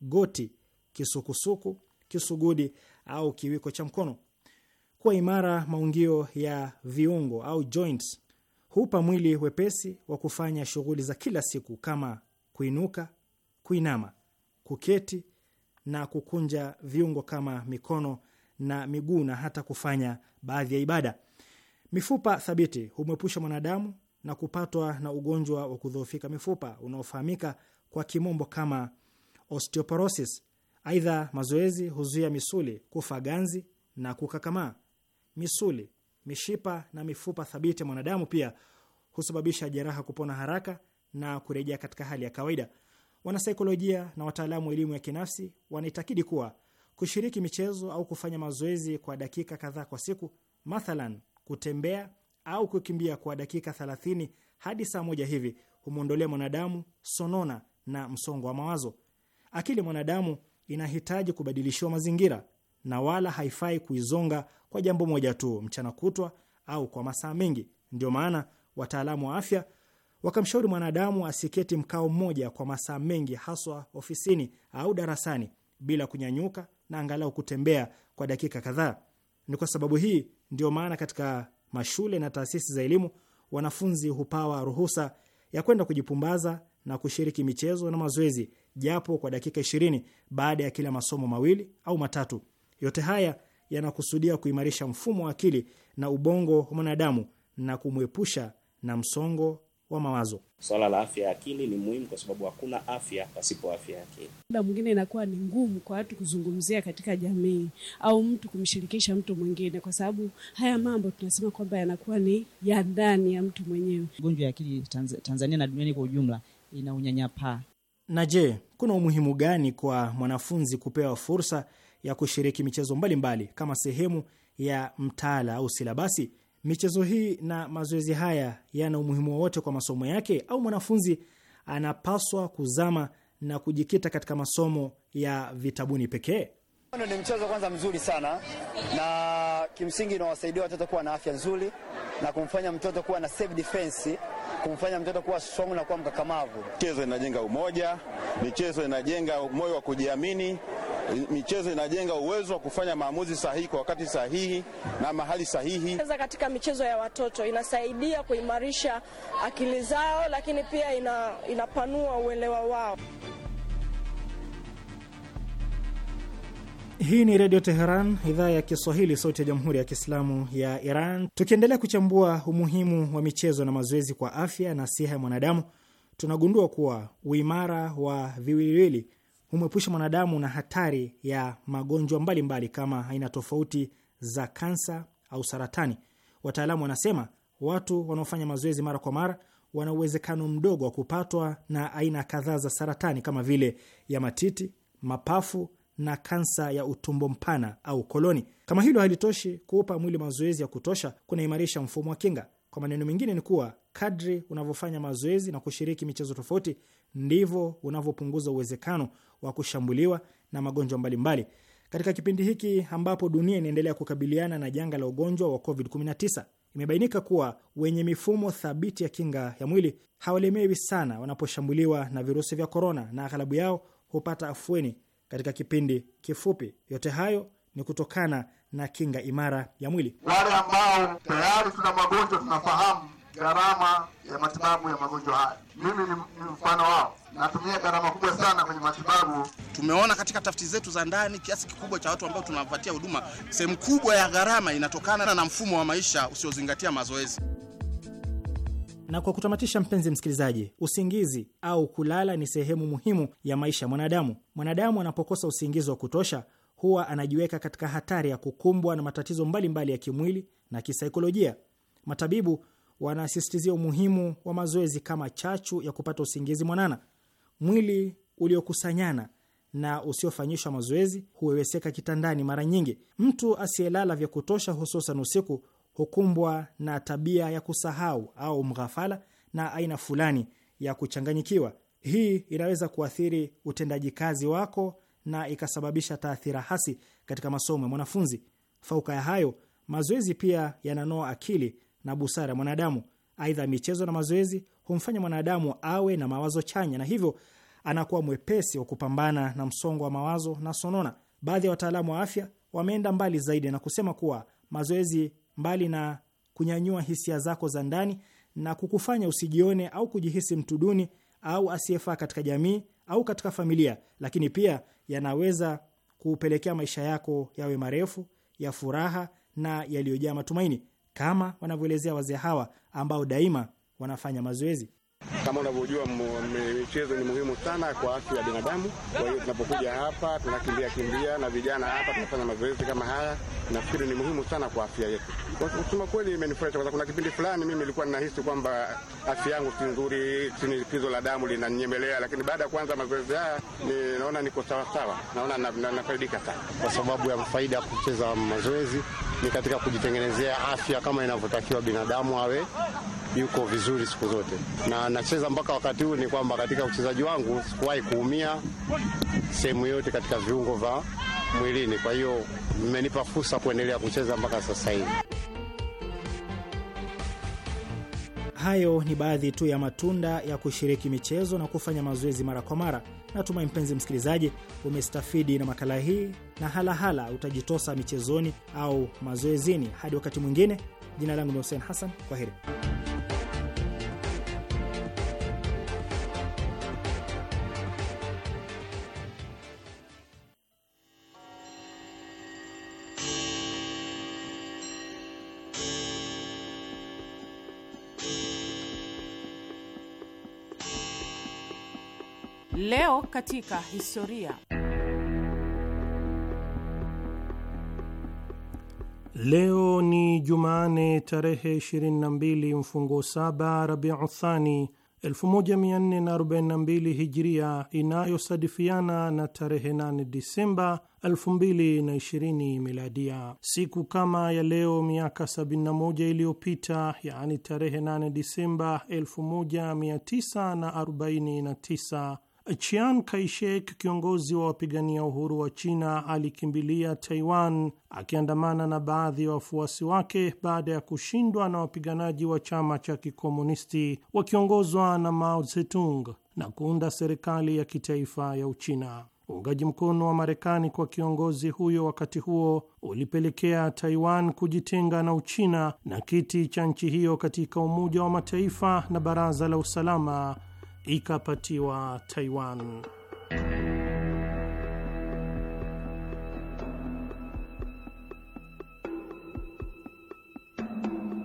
goti, kisukusuku, kisugudi au kiwiko cha mkono. Kuwa imara maungio ya viungo au joints hupa mwili wepesi wa kufanya shughuli za kila siku kama kuinuka, kuinama, kuketi na kukunja viungo kama mikono na miguu na hata kufanya baadhi ya ibada. Mifupa thabiti humwepusha mwanadamu na kupatwa na ugonjwa wa kudhoofika mifupa unaofahamika kwa kimombo kama osteoporosis. Aidha, mazoezi huzuia misuli kufa ganzi na kukakamaa. Misuli, mishipa na mifupa thabiti ya mwanadamu pia husababisha jeraha kupona haraka na kurejea katika hali ya kawaida. Wanasaikolojia na wataalamu wa elimu ya kinafsi wanaitakidi kuwa kushiriki michezo au kufanya mazoezi kwa dakika kadhaa kwa siku, mathalan kutembea au kukimbia kwa dakika 30 hadi saa moja hivi humwondolea mwanadamu sonona na msongo wa mawazo. Akili mwanadamu inahitaji kubadilishiwa mazingira na wala haifai kuizonga kwa jambo moja tu mchana kutwa au kwa masaa mengi. Ndio maana wataalamu wa afya wakamshauri mwanadamu asiketi mkao mmoja kwa masaa mengi, haswa ofisini au darasani bila kunyanyuka na angalau kutembea kwa dakika kadhaa. Ni kwa sababu hii ndio maana katika mashule na taasisi za elimu wanafunzi hupawa ruhusa ya kwenda kujipumbaza na kushiriki michezo na mazoezi japo kwa dakika ishirini baada ya kila masomo mawili au matatu. Yote haya yanakusudia kuimarisha mfumo wa akili na ubongo wa mwanadamu na kumwepusha na msongo wa mawazo. Swala la afya ya akili ni muhimu kwa sababu hakuna afya pasipo afya ya akili. Muda mwingine inakuwa ni ngumu kwa watu kuzungumzia katika jamii au mtu kumshirikisha mtu mwingine, kwa sababu haya mambo tunasema kwamba yanakuwa ni ya ndani ya mtu mwenyewe. Ugonjwa ya akili Tanzania na duniani kwa ujumla ina unyanyapaa. Na je, kuna umuhimu gani kwa mwanafunzi kupewa fursa ya kushiriki michezo mbalimbali mbali, kama sehemu ya mtaala au silabasi? Michezo hii na mazoezi haya yana umuhimu wowote kwa masomo yake, au mwanafunzi anapaswa kuzama na kujikita katika masomo ya vitabuni pekee? Ni mchezo kwanza mzuri sana na kimsingi inawasaidia watoto kuwa na afya nzuri na kumfanya mtoto kuwa na self defense, kumfanya mtoto kuwa strong na kuwa mkakamavu. Michezo inajenga umoja, michezo inajenga moyo wa kujiamini, michezo inajenga uwezo wa kufanya maamuzi sahihi kwa wakati sahihi na mahali sahihi. Katika michezo ya watoto inasaidia kuimarisha akili zao, lakini pia ina, inapanua uelewa wao. Hii ni Redio Teheran, idhaa ya Kiswahili, sauti ya Jamhuri ya Kiislamu ya Iran. Tukiendelea kuchambua umuhimu wa michezo na mazoezi kwa afya na siha ya mwanadamu, tunagundua kuwa uimara wa viwiliwili humwepusha mwanadamu na hatari ya magonjwa mbalimbali mbali kama aina tofauti za kansa au saratani. Wataalamu wanasema watu wanaofanya mazoezi mara kwa mara wana uwezekano mdogo wa kupatwa na aina kadhaa za saratani kama vile ya matiti, mapafu na kansa ya utumbo mpana au koloni. Kama hilo halitoshi, kuupa mwili mazoezi ya kutosha kunaimarisha mfumo wa kinga. Kwa maneno mengine, ni kuwa kadri unavyofanya mazoezi na kushiriki michezo tofauti, ndivyo unavyopunguza uwezekano wa kushambuliwa na magonjwa mbalimbali. Katika kipindi hiki ambapo dunia inaendelea kukabiliana na janga la ugonjwa wa COVID-19, imebainika kuwa wenye mifumo thabiti ya kinga ya mwili hawalemewi sana wanaposhambuliwa na virusi vya korona, na aghalabu yao hupata afueni katika kipindi kifupi. Yote hayo ni kutokana na kinga imara ya mwili. Wale ambao tayari tuna magonjwa tunafahamu gharama ya matibabu ya magonjwa haya. Mimi ni mfano wao, natumia gharama kubwa sana kwenye matibabu. Tumeona katika tafiti zetu za ndani, kiasi kikubwa cha watu ambao tunawapatia huduma, sehemu kubwa ya gharama inatokana na mfumo wa maisha usiozingatia mazoezi. Na kwa kutamatisha, mpenzi msikilizaji, usingizi au kulala ni sehemu muhimu ya maisha ya mwanadamu. Mwanadamu anapokosa usingizi wa kutosha huwa anajiweka katika hatari ya kukumbwa na matatizo mbalimbali mbali ya kimwili na kisaikolojia. Matabibu wanasisitizia umuhimu wa mazoezi kama chachu ya kupata usingizi mwanana. Mwili uliokusanyana na usiofanyishwa mazoezi huweweseka kitandani mara nyingi. Mtu asiyelala vya kutosha, hususan usiku, hukumbwa na tabia ya kusahau au mghafala na aina fulani ya kuchanganyikiwa. Hii inaweza kuathiri utendaji kazi wako na ikasababisha taathira hasi katika masomo ya mwanafunzi. Fauka ya hayo, mazoezi pia yananoa akili na busara ya mwanadamu. Aidha, michezo na mazoezi humfanya mwanadamu awe na mawazo chanya na hivyo anakuwa mwepesi wa kupambana na msongo wa mawazo na sonona. Baadhi ya wataalamu wa afya wameenda mbali zaidi na kusema kuwa mazoezi mbali na kunyanyua hisia zako za ndani na kukufanya usijione au kujihisi mtu duni au asiyefaa katika jamii au katika familia, lakini pia yanaweza kupelekea maisha yako yawe marefu ya furaha na yaliyojaa matumaini, kama wanavyoelezea wazee hawa ambao daima wanafanya mazoezi. Kama unavyojua michezo ni muhimu sana kwa afya ya binadamu. Kwa hiyo tunapokuja hapa tunakimbia kimbia na vijana hapa tunafanya mazoezi kama haya, nafikiri ni muhimu sana kwa afya yetu kusema kweli imenifurahisha kwa kuna kipindi fulani mimi nilikuwa ninahisi kwamba afya yangu si nzuri, shinikizo la damu linanyemelea, lakini baada ya kuanza mazoezi haya naona niko sawa sawa, naona nafaidika sana. Kwa sababu ya faida ya kucheza mazoezi ni katika kujitengenezea afya kama inavyotakiwa binadamu awe yuko vizuri siku zote, na nacheza mpaka wakati huu. Ni kwamba katika uchezaji wangu sikuwahi kuumia sehemu yote katika viungo vya mwilini, kwa hiyo mmenipa fursa kuendelea kucheza mpaka sasa hivi. Hayo ni baadhi tu ya matunda ya kushiriki michezo na kufanya mazoezi mara kwa mara. Natumai mpenzi msikilizaji, umestafidi na makala hii na halahala hala, utajitosa michezoni au mazoezini. Hadi wakati mwingine, jina langu ni Hussein Hassan, kwa heri. Leo katika historia. Leo ni Jumane tarehe 22 mfungo saba Rabiu Thani 1442 Hijria, inayosadifiana na tarehe 8 Disemba 2020 Miladia. Siku kama ya leo miaka 71 iliyopita, yaani tarehe 8 Disemba 1949 Chiang Kai-shek, kiongozi wa wapigania uhuru wa China, alikimbilia Taiwan akiandamana na baadhi ya wa wafuasi wake baada ya kushindwa na wapiganaji wa chama cha kikomunisti wakiongozwa na Mao Zedong na kuunda serikali ya kitaifa ya Uchina. Uungaji mkono wa Marekani kwa kiongozi huyo wakati huo ulipelekea Taiwan kujitenga na Uchina na kiti cha nchi hiyo katika Umoja wa Mataifa na Baraza la Usalama ikapatiwa Taiwan.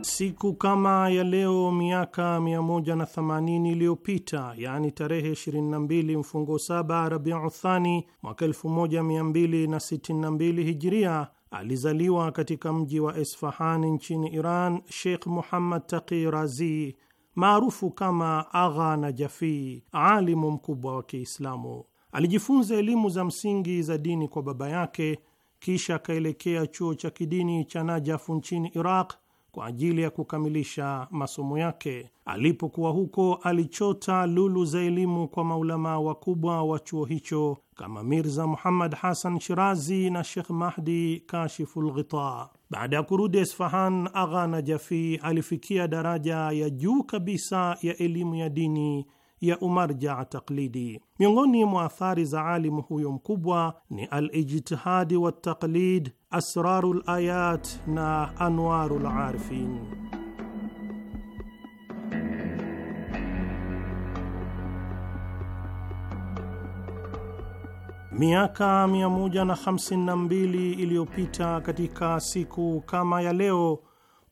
Siku kama ya leo miaka 180 iliyopita, yaani tarehe 22 mfungo 7 Rabiu Thani mwaka 1262 Hijria, alizaliwa katika mji wa Esfahani nchini Iran Sheikh Muhammad Taqi Razi maarufu kama Agha Najafi, alimu mkubwa wa Kiislamu. Alijifunza elimu za msingi za dini kwa baba yake, kisha akaelekea chuo cha kidini cha Najafu nchini Iraq kwa ajili ya kukamilisha masomo yake. Alipokuwa huko, alichota lulu za elimu kwa maulamaa wakubwa wa chuo hicho kama Mirza Muhammad Hasan Shirazi na Shekh Mahdi Kashiful Ghita. Baada ya kurudi Esfahan, Agha Najafi alifikia daraja ya juu kabisa ya elimu ya dini ya umarja taklidi. Miongoni mwa athari za alimu huyo mkubwa ni Alijtihadi wa Taklid, Asraru Layat na Anwaru Larifin. Miaka 152 iliyopita katika siku kama ya leo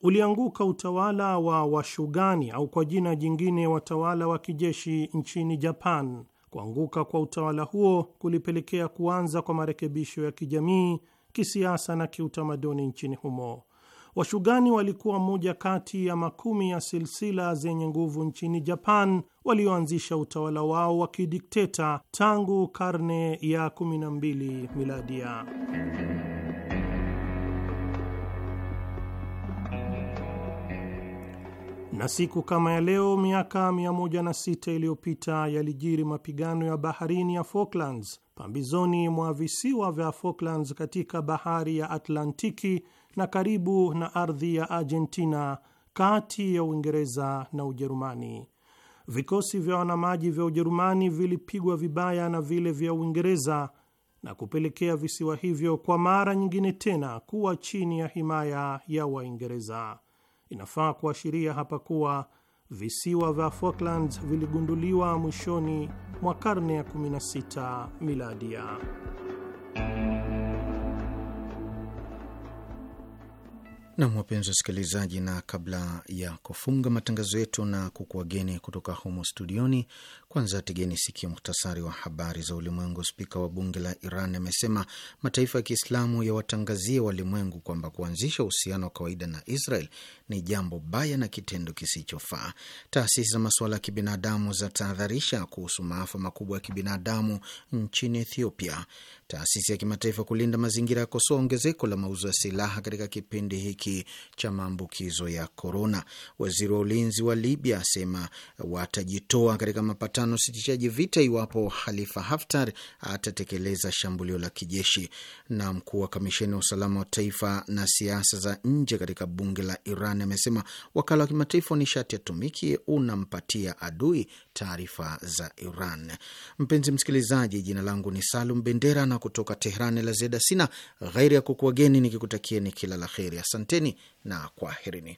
ulianguka utawala wa Washugani au kwa jina jingine watawala wa kijeshi nchini Japan. Kuanguka kwa utawala huo kulipelekea kuanza kwa marekebisho ya kijamii, kisiasa na kiutamaduni nchini humo. Washugani walikuwa moja kati ya makumi ya silsila zenye nguvu nchini Japan walioanzisha utawala wao wa kidikteta tangu karne ya 12 miladia. Na siku kama ya leo miaka 106 iliyopita yalijiri mapigano ya baharini ya Falklands pambizoni mwa visiwa vya Falklands katika bahari ya Atlantiki na karibu na ardhi ya Argentina kati ya Uingereza na Ujerumani. Vikosi vya wanamaji vya Ujerumani vilipigwa vibaya na vile vya Uingereza na kupelekea visiwa hivyo kwa mara nyingine tena kuwa chini ya himaya ya Waingereza. Inafaa kuashiria hapa kuwa visiwa vya Falklands viligunduliwa mwishoni mwa karne ya 16 miladia. Nam, wapenzi wasikilizaji, na kabla ya kufunga matangazo yetu na kukuwageni kutoka humo studioni kwanza tegeni sikio, muhtasari wa habari za ulimwengu. Spika wa bunge la Iran amesema mataifa ya Kiislamu yawatangazia walimwengu kwamba kuanzisha uhusiano wa kawaida na Israel ni jambo baya na kitendo kisichofaa. Taasisi za masuala ya kibinadamu zatahadharisha kuhusu maafa makubwa ya kibinadamu nchini Ethiopia. Taasisi ya kimataifa kulinda mazingira yakosoa ongezeko la mauzo ya silaha katika kipindi hiki cha maambukizo ya korona. Waziri wa ulinzi wa Libya asema watajitoa katika mapatano na usitishaji vita iwapo Khalifa Haftar atatekeleza shambulio la kijeshi. Na mkuu wa kamisheni wa usalama wa taifa na siasa za nje katika bunge la Iran amesema wakala wa kimataifa wa nishati ya tumiki unampatia adui taarifa za Iran. Mpenzi msikilizaji, jina langu ni Salum Bendera na kutoka Tehran la ziada sina ghairi ya kukuageni nikikutakieni kila la kheri. Asanteni na kwaherini.